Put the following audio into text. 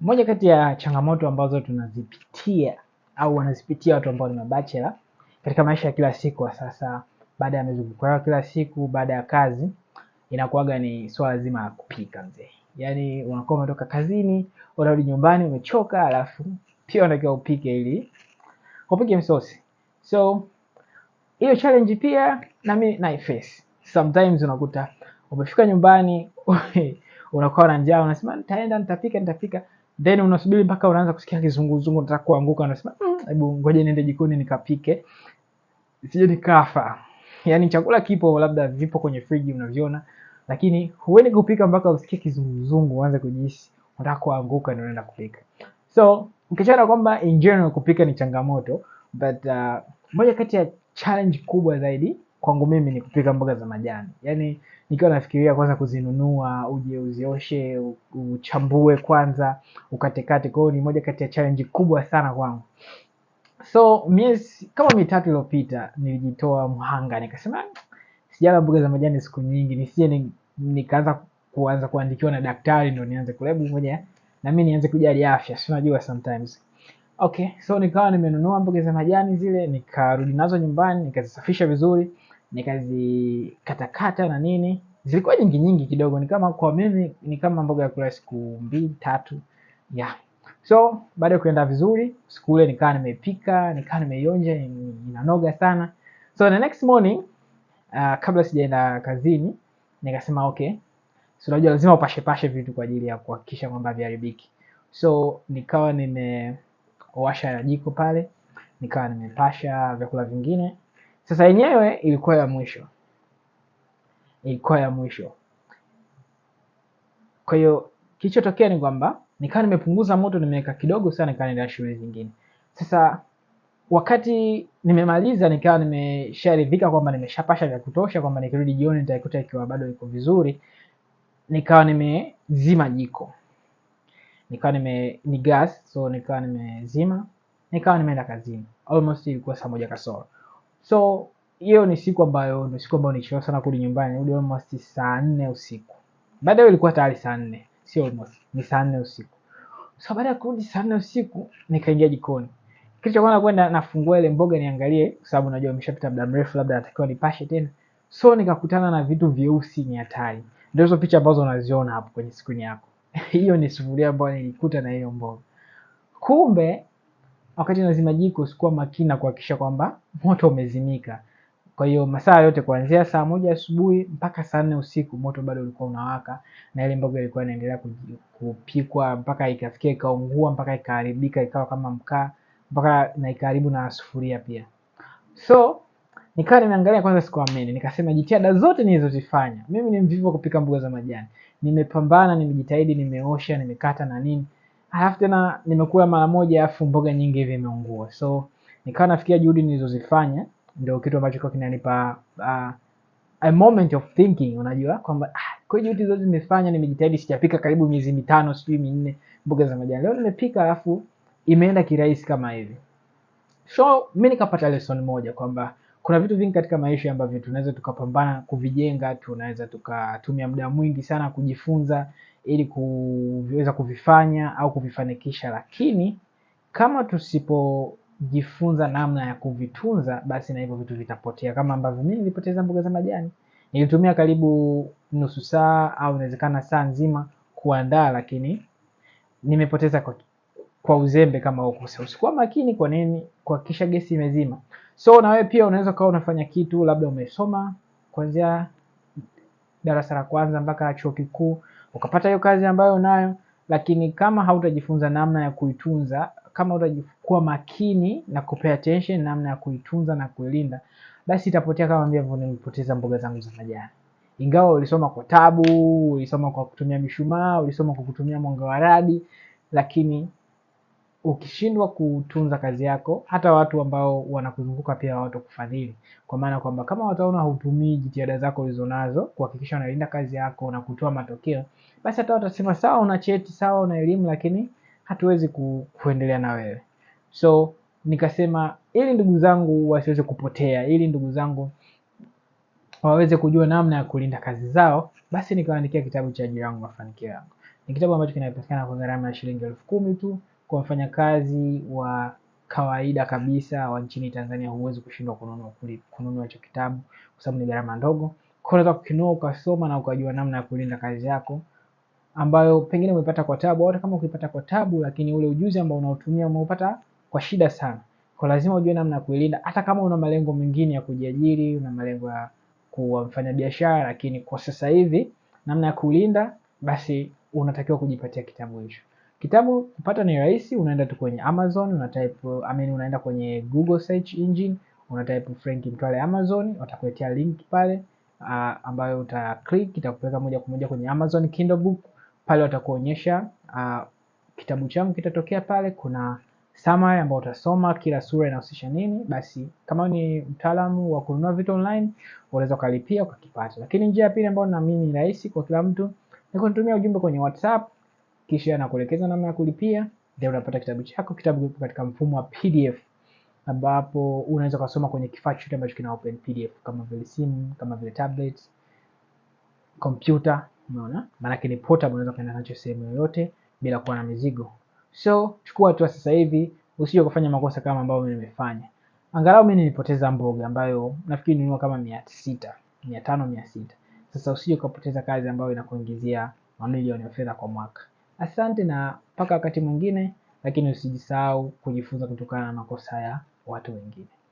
Moja kati ya changamoto ambazo tunazipitia au wanazipitia watu ambao ni mabachela katika maisha ya kila siku, wa sasa baada ya mizunguko yao kila siku, baada ya kazi, inakuwaga ni swala zima la kupika mzee. Yaani unakuwa umetoka kazini, unarudi nyumbani umechoka, alafu pia unatakiwa upike ili upike msosi. So hiyo challenge pia na mimi na face. Sometimes unakuta umefika nyumbani unakuwa na njaa, unasema nitaenda nitapika nitapika, then unasubiri mpaka unaanza kusikia kizunguzungu, nataka kuanguka, unasema mm, hebu mm, ngoja niende jikoni nikapike sije nikafa. Yani chakula kipo, labda vipo kwenye friji unaviona, lakini huendi kupika mpaka usikie kizunguzungu, uanze kujihisi unataka kuanguka, ndio unaenda kupika. So ukichana kwamba in general kupika ni changamoto, but uh, moja kati ya challenge kubwa zaidi kwangu mimi ni kupika mboga za majani yani nikiwa nafikiria kwanza kuzinunua uje uzioshe uchambue kwanza ukatekate kwa ni moja kati ya challenge kubwa sana kwangu so miezi kama mitatu iliyopita nilijitoa mhanga nikasema sijala mboga za majani siku nyingi nisije ni, nikaanza kuanza kuandikiwa na daktari ndo nianze kulebu moja na mimi nianze kujali afya si unajua sometimes okay so nikawa nimenunua mboga za majani zile nikarudi nazo nyumbani nikazisafisha vizuri nikazikatakata na nini, zilikuwa nyingi nyingi kidogo, ni kama kwa mimi ni kama mboga ya kula siku mbili tatu yeah. So baada ya kuenda vizuri siku ile nikawa nimepika, nikawa nimeionja, inanoga sana. So the next morning uh, kabla sijaenda kazini nikasema okay, so unajua lazima upashepashe vitu kwa ajili ya kuhakikisha kwamba viharibiki. So nikawa nimewasha jiko pale, nikawa nimepasha vyakula vingine sasa yenyewe ilikuwa ya mwisho, ilikuwa ya mwisho. Kwa hiyo kilichotokea ni kwamba nikawa nimepunguza moto, nimeweka kidogo sana, nikawa nenda shule zingine Sasa wakati nimemaliza, nikawa nimesharidhika kwamba nimeshapasha vya kutosha, kwamba nikirudi jioni nitaikuta ikiwa bado iko vizuri, nikawa nimezima jiko, nikawa nime ni gas, so nikawa nimezima, nikawa nimeenda kazini. Almost ilikuwa saa moja kasoro so hiyo ni siku ambayo ni siku ambayo nilishiwa sana kurudi nyumbani, nirudi almost saa nne usiku. Baada hiyo ilikuwa tayari saa nne, sio almost, ni saa nne usiku. So baada ya kurudi saa nne usiku nikaingia jikoni. Kitu cha kwanza kwenda nafungua ile mboga niangalie, kwa sababu najua imeshapita muda mrefu, labda natakiwa nipashe tena. So nikakutana na vitu vyeusi ni hatari. Ndio hizo picha ambazo unaziona hapo kwenye skrini yako. hiyo ni sufuria ambayo nilikuta na hiyo mboga. Kumbe wakati unazima jiko sikuwa makini na kuhakikisha kwamba moto umezimika. Kwa hiyo masaa yote kuanzia saa moja asubuhi mpaka saa nne usiku moto bado ulikuwa unawaka, na ile mboga ilikuwa inaendelea kupikwa mpaka ikafikia ikaungua, mpaka ikaharibika, ikawa kama mkaa, mpaka na ikaharibu na sufuria pia. So nikawa nimeangalia kwanza, sikuamini, nikasema jitihada zote nilizozifanya mimi, ni mvivu kupika mboga za majani, nimepambana, nimejitahidi, nimeosha, nimekata na nini, halafu tena nimekula mara moja afu mboga nyingi hivi imeungua so nikawa nafikia juhudi nilizozifanya ndio kitu ambacho kwa kinanipa uh, a moment of thinking unajua kwamba ah, kwa juhudi zote zimefanya nimejitahidi sijapika karibu miezi mitano sijui minne mboga za majani leo nimepika alafu imeenda kirahisi kama hivi so mi nikapata lesson moja kwamba kuna vitu vingi katika maisha ambavyo tunaweza tukapambana kuvijenga tunaweza tukatumia muda mwingi sana kujifunza ili kuweza kuvifanya au kuvifanikisha, lakini kama tusipojifunza namna ya kuvitunza, basi na hivyo vitu vitapotea, kama ambavyo mimi nilipoteza mboga za majani. Nilitumia karibu nusu saa au inawezekana saa nzima kuandaa, lakini nimepoteza kwa, kwa uzembe kama huko. Usikuwa makini kwa nini kuhakikisha gesi imezima. So na wewe pia unaweza ukawa unafanya kitu, labda umesoma kuanzia darasa la kwanza mpaka chuo kikuu ukapata hiyo kazi ambayo unayo, lakini kama hautajifunza namna ya kuitunza, kama utakuwa makini na kupay attention namna ya kuitunza na kuilinda, basi itapotea kama ambavyo nilipoteza mboga zangu za majani. Ingawa ulisoma kwa tabu, ulisoma kwa kutumia mishumaa, ulisoma kwa kutumia mwanga wa radi, lakini ukishindwa kutunza kazi yako, hata watu ambao wanakuzunguka pia kufadhili kwa maana kwamba kama wataona hautumii jitihada zako ulizonazo kuhakikisha unalinda kazi yako na kutoa matokeo, basi hata watasema sawa, una cheti sawa, una elimu, lakini hatuwezi ku, kuendelea na wewe. So nikasema ili ndugu zangu wasiweze kupotea, ili ndugu zangu waweze kujua namna ya kulinda kazi zao, basi nikawaandikia kitabu cha Ajira Yangu Mafanikio Yangu. Ni kitabu ambacho kinapatikana kwa gharama ya shilingi elfu kumi tu kwa wafanyakazi wa kawaida kabisa wa nchini Tanzania huwezi kushindwa kununua kununua hicho kitabu kwa sababu ni gharama ndogo. Kwa hiyo unaweza kukinua ukasoma na ukajua namna ya kulinda kazi yako ambayo pengine umepata kwa tabu, au kama ukipata kwa tabu, lakini ule ujuzi ambao unaotumia umeupata kwa shida sana. Kwa lazima ujue namna ya kuilinda, hata kama una malengo mengine ya kujiajiri, una malengo ya kuwa mfanyabiashara, lakini kwa sasa hivi namna ya kulinda, basi unatakiwa kujipatia kitabu hicho. Kitabu kupata ni rahisi, unaenda tu kwenye Amazon, una type, I mean, unaenda kwenye Google search engine, una type Frank Mtwale Amazon, watakuletea link pale uh, ambayo uta click itakupeleka moja kwa moja kwenye Amazon Kindle book. Pale watakuonyesha uh, kitabu changu kitatokea pale, kuna summary ambayo utasoma, kila sura inahusisha nini. Basi kama ni mtaalamu wa kununua vitu online, unaweza ukalipia ukakipata. Lakini njia ya pili ambayo naamini ni rahisi kwa kila mtu ni kunitumia ujumbe kwenye WhatsApp kisha anakuelekeza namna ya kulipia, then unapata kitabu chako. Kitabu kipo katika mfumo wa PDF ambapo unaweza kusoma kwenye kifaa chochote ambacho kina open PDF kama vile simu, kama vile tablet, kompyuta, umeona? Maana ni portable, unaweza kwenda nacho sehemu yoyote bila kuwa na mizigo. So chukua hatua sasa hivi, usije kufanya makosa kama ambayo mimi nimefanya. Angalau mimi nilipoteza mboga ambayo nafikiri nilinunua kama 600, 500, 600. Sasa usije kupoteza kazi ambayo inakuingizia mamilioni ya fedha kwa mwaka. Asante na mpaka wakati mwingine, lakini usijisahau kujifunza kutokana na makosa ya watu wengine.